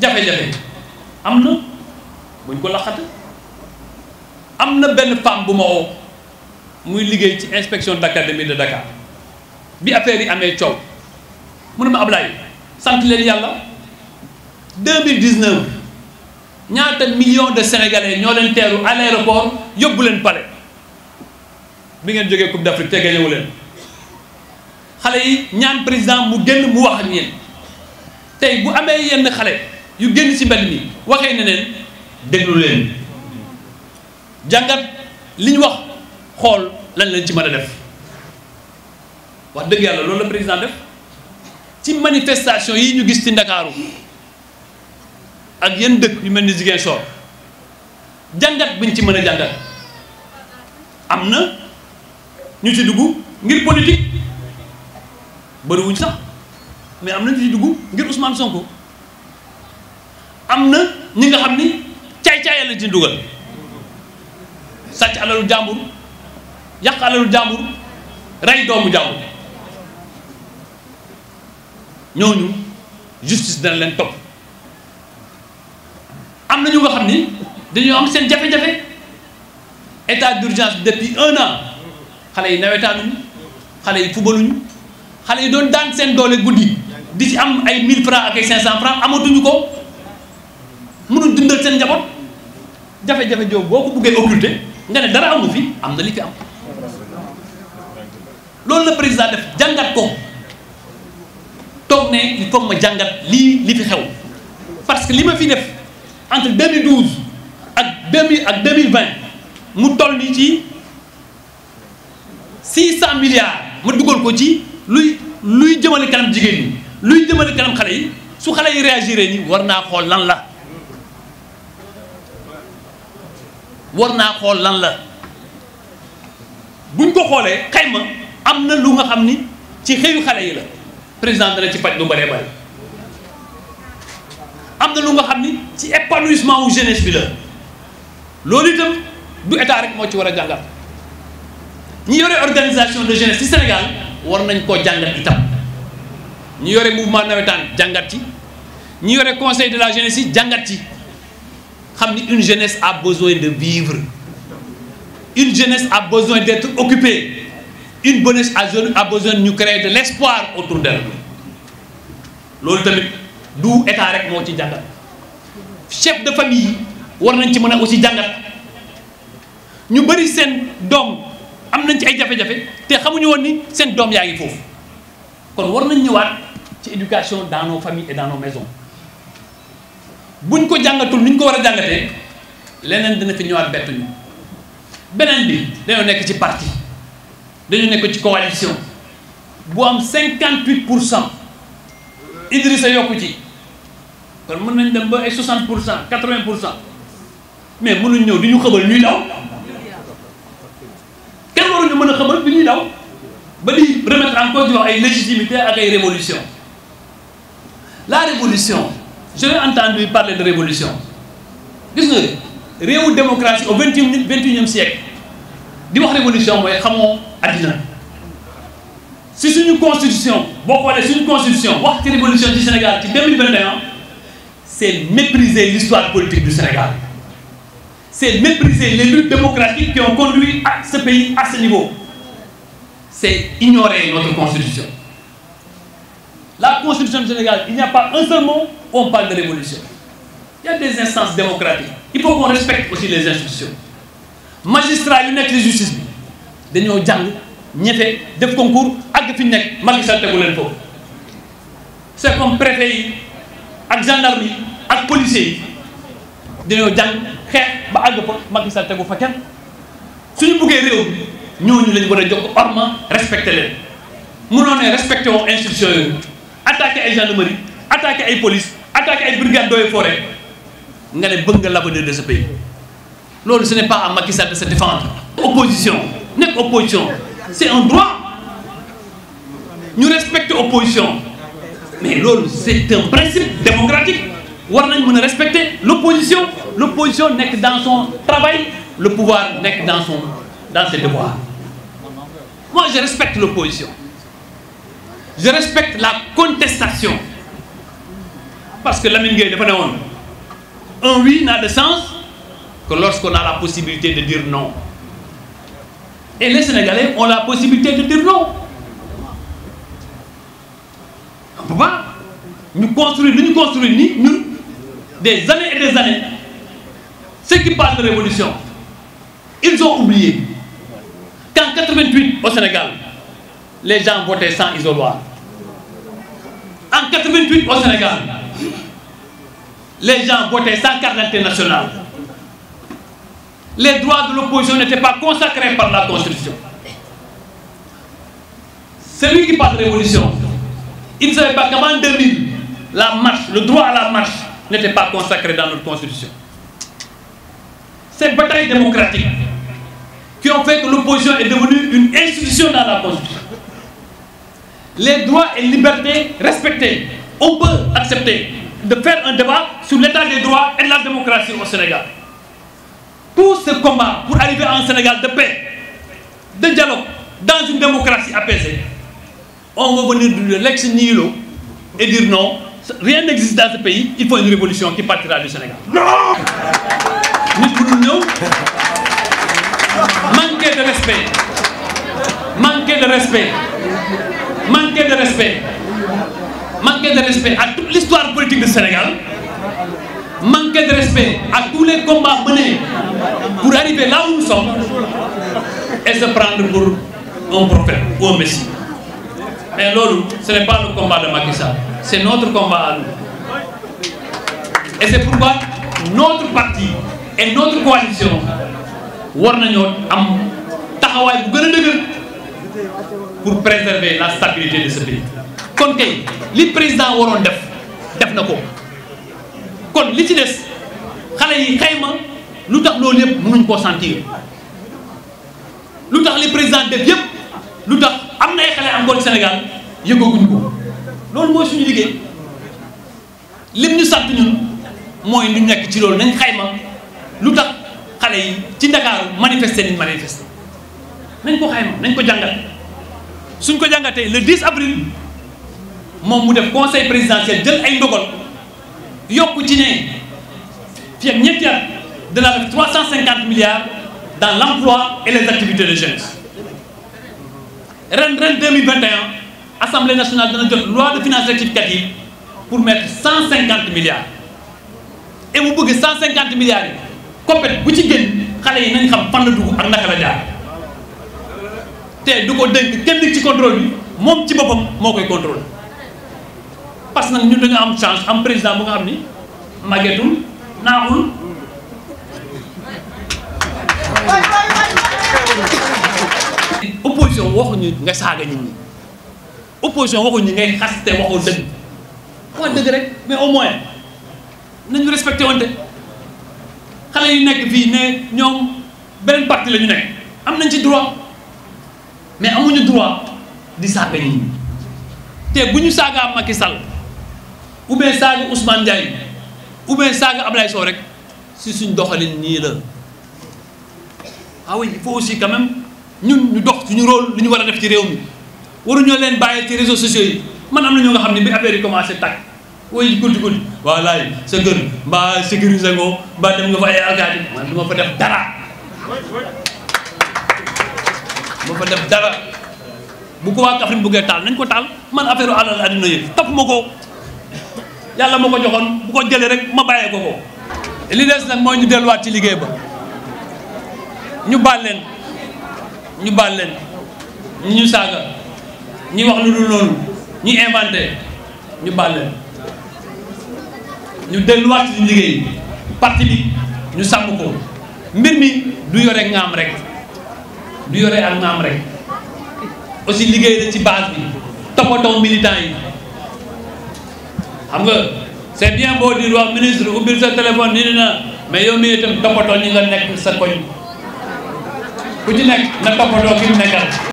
jafe-jafe am na buñ ko laxat am na benn femme bu ma woo muy liggéey ci inspection d'académie de Dakar bi affaire yi amee coow mu ne ma Ablaye sant leen yàlla 2019 ñaata million de sénégalais ñoo leen teeru à l'aéroport yóbbu leen palais bi ngeen jógee Coupe d'Afrique te gañewu leen xale yi ñaan président mu génn mu wax ak ñeen tey bu amee yenn xale. yu génn ci mbedd mi waxee ne neen déglu leen jàngat li ñu wax xool lan lañ ci mën a def wax dëgg yàlla loolu la président def ci manifestation yi ñu gis ci ndakaaru ak yenn dëkk yu mel ni Ziguinchor jàngat biñ ci mën a jàngat am na ñu ci duggu ngir politique bëriwuñ sax mais am na ñu ci dugg ngir Ousmane Sonko. am na ñi nga xam ni caay-caay la ci dugal sàcc alalu jàmbur yàq alalu jàmbur rey doomu jàmbur ñooñu justice dana leen topp am na ñu nga xam ni dañoo am seen jafe-jafe état d'urgence depuis un an xale yi nawetaanuñu xale yi fubaluñu xale yi doon daan seen doole guddi di ci am ay 1000 francs ak ay 500 francs amatuñu ko. mënuñ dundal seen njaboot jafe-jafe jooju boo ko buggee occulter nga ne dara amu fi am na li fi am loolu la président def jàngat ko toog ne il ma jàngat lii li fi xew parce que li ma fi def entre 2012 ak 2000 ak 2020 mu toll nii ci 600 milliards ma dugal ko ci luy luy jëmale kanam jigéen ñi luy jëmale kanam xale yi su xale yi réagiré nii war naa xool lan la. war naa xool lan la buñ ko xoolee xayma am na lu nga xam ni ci xëyu xale yi la président dana ci faj lu bëree bëri am na lu nga xam ni ci épanouissement wu jeunesse bi la loolu itam du état rek moo ci war a jàngat ñi yore organisation de jeunesse ci Sénégal war nañ koo jàngat itam ñi yore mouvement nawetaan jàngat ci ñi yore conseil de la jeunesse yi jàngat ci xam ni une jeunesse a besoin de vivre une jeunesse a besoin d'être occupée une jeunesse à besoin ñu créer de l'espoir autour d'elle loolu tamit du état rek moo ci jàngat chef de famille yi war nañ ci mën a aussi jàngat ñu bëri seen doom am nañ ci ay jafe-jafe te xamuñu woon ni seen doom yaa ngi foofu kon war nañ ñëwaat ci éducation dans nos familles et dans nos maisons buñ ko jàngatul ni ñu ko war a jàngatee leneen dina fi a bettuñu beneen bi dañoo nekk ci parti dañu nekk ci coalition bu am cinquante huit pour cent Idrissa yokku ci kon mën nañ dem ba ay soixante pour cent quatre vingt pour cent mais mënuñ ñëw di ñu xëbal ñuy daw kenn waruñu mën a xëbal bi ñuy daw ba di remettre en cause wax ay légitimité ak ay révolution laa révolution je l'ai entendu parler de révolution gis nga réewu démocratie au vingt et unième siècle di wax révolution mooy xamoo addina si suñu constitution boo xoolee suñu constitution wax de révolution ci Sénégal ci 2021 c'est mépriser l'histoire politique du Sénégal c'est mépriser les luttes démocratiques qui ont conduit à ce pays à ce niveau c'est ignorer notre constitution La Constitution du Sénégal, il n'y a pas un seul mot où on parle de révolution. Il a des instances démocratiques. Il faut qu'on respecte aussi les institutions. Magistrats yu nekk ci justice dañoo jàng ñefe def concours ak fi ñu nekk magistrat tegu leen foofu c'est comme préfet yi ak gendarme yi ak policier yi dañoo jàng xeex ba àgg fa magistrat tegu fa kenn suñu buggee réew bi ñooñu lañ war a jox orma respecté leen mënoo ne respecté woo institution yooyu attaqué ay gendarmerie attaqué ay police attaqué ay brigade d'eaux et nga ne bëgg nga l'avenir de ce pays loolu ce n'est pas à Macky Sall de se défendre opposition nekk opposition c'est un droit ñu respecter opposition mais loolu c'est un principe démocratique war nañ mën a respecter l'opposition l'opposition nekk dans son travail le pouvoir nekk dans son dans ses devoirs moi je respecte l'opposition je respecte la contestation parce que Lamine Gueye dafa ne woon un oui n'a de sens que lorsqu'on a la possibilité de dire non et les Sénégalais ont la possibilité de dire non on peut pas ñu construire li ñu construire ni ñun des années et des années ceux qui parlent de révolution ils ont oublié qu'en 88 au Sénégal les gens votaient sans isoloir. En 88 au Sénégal, les gens votaient sans carte d'identité nationale. Les droits de l'opposition n'étaient pas consacrés par la Constitution. Celui qui parle de révolution, il ne savait pas qu'avant 2000, la marche, le droit à la marche n'était pas consacré dans notre Constitution. Ces batailles démocratiques qui ont fait que l'opposition est devenue une institution dans la Constitution les droits et libertés respectés. On peut accepter de faire un débat sur l'état des droits et de la démocratie au Sénégal. Tout ce combat pour arriver à un Sénégal de paix, de dialogue, dans une démocratie apaisée, on va venir de l'ex nihilo et dire non, rien n'existe dans ce pays, il faut une révolution qui partira du Sénégal. Non Nous, nous, nous, manquer de respect. manquer de respect manquer de respect manquer de respect à toute l'histoire politique du Sénégal manquer de respect à tous les combats menés pour arriver là où nous sommes et se prendre pour un prophète ou mais loolu ce n'est pas le combat de Macky c'est notre combat à nous et c'est pourquoi notre parti et notre coalition war nañoo am taxawaay bu gën a dëgër pour préserver la stabilité de ce pays kon kay li président waroon def def na ko kon li ci des xale yi xayma lu tax loolu yëpp mënuñ koo sentir lu tax li président def yëpp lu tax am na ay xale encore Sénégal yëgaguñ ko loolu mooy suñu liggéey lim ñu sant ñun mooy lu nekk ci loolu nañ xayma lu tax xale yi ci Ndakaaru manifester nañ manifester nañ ko xayma nañ ko jàngat suñ ko jàngatee le 10 avril moom mu def conseil présidentiel jël ay ndogal yokk ci ne fii ak ñetti at dana def 350 milliards dans l' emploi et les activités de jeunesse ren ren 2021 assemblée nationale dana jot loi de finances rectificative pour mettre 150 milliards et mu bëgg 150 milliards yi koppet bu ci gën xale yi nañ xam fan la dugg ak naka la jaar. te du ko dénk kenn ci contrôle bi moom ci boppam moo koy contrôle parce que nag ñu dañu am chance am président bu nga xam ni màggetul naaxul opposition waxuñu nga saaga nit ñi opposition waxuñu ngay xaste waxul dëgg wax dëgg rek mais au moins nañu respecté wante xale yu nekk fii ne beneen parti la nekk am nañ ci droit mais amuñu droit di saaga nit te bu ñu saagaa Macky Sall ou bien saaga Ousmane Ndiaye ou bien saaga Ablaye Sow rek si suñ doxalin nii la ah oui il faut aussi quand ñun ñu dox suñu rool lu ñu war a def ci réew mi waruñoo leen bàyyi ci réseaux sociaux yi man am na ñoo nga xam ne bi affaire yi commencé tàkk woy guddi guddi waaw laay sa kër mbaa sécurisé ngoo mbaa dem nga fa ay alkaati man du ma fa def dara ba fa def dara bu ko waa Kaffrine buggee taal nañ ko taal man affaire alal àddina yi topp ma ko yàlla ma joxoon bu ko jëlee rek ma bàyyee ko ko li des nag mooy ñu delluwaat ci liggéey ba ñu leen ñu baal leen ñi ñu saaga ñi wax lu dul ñi inventé ñu baal ñu delluwaat liggéey parti bi ñu sàmm ko mbir mi du yore ngaam rek du yore ak maam rek aussi liggéey na ci base bi toppatoo militant yi xam nga c'est bien beau di waa ministre ubbil sa téléphone nii na mais yow mii itam toppatoo ñi nga nekk sa koñ ku ci nekk na toppatoo ki mu nekkal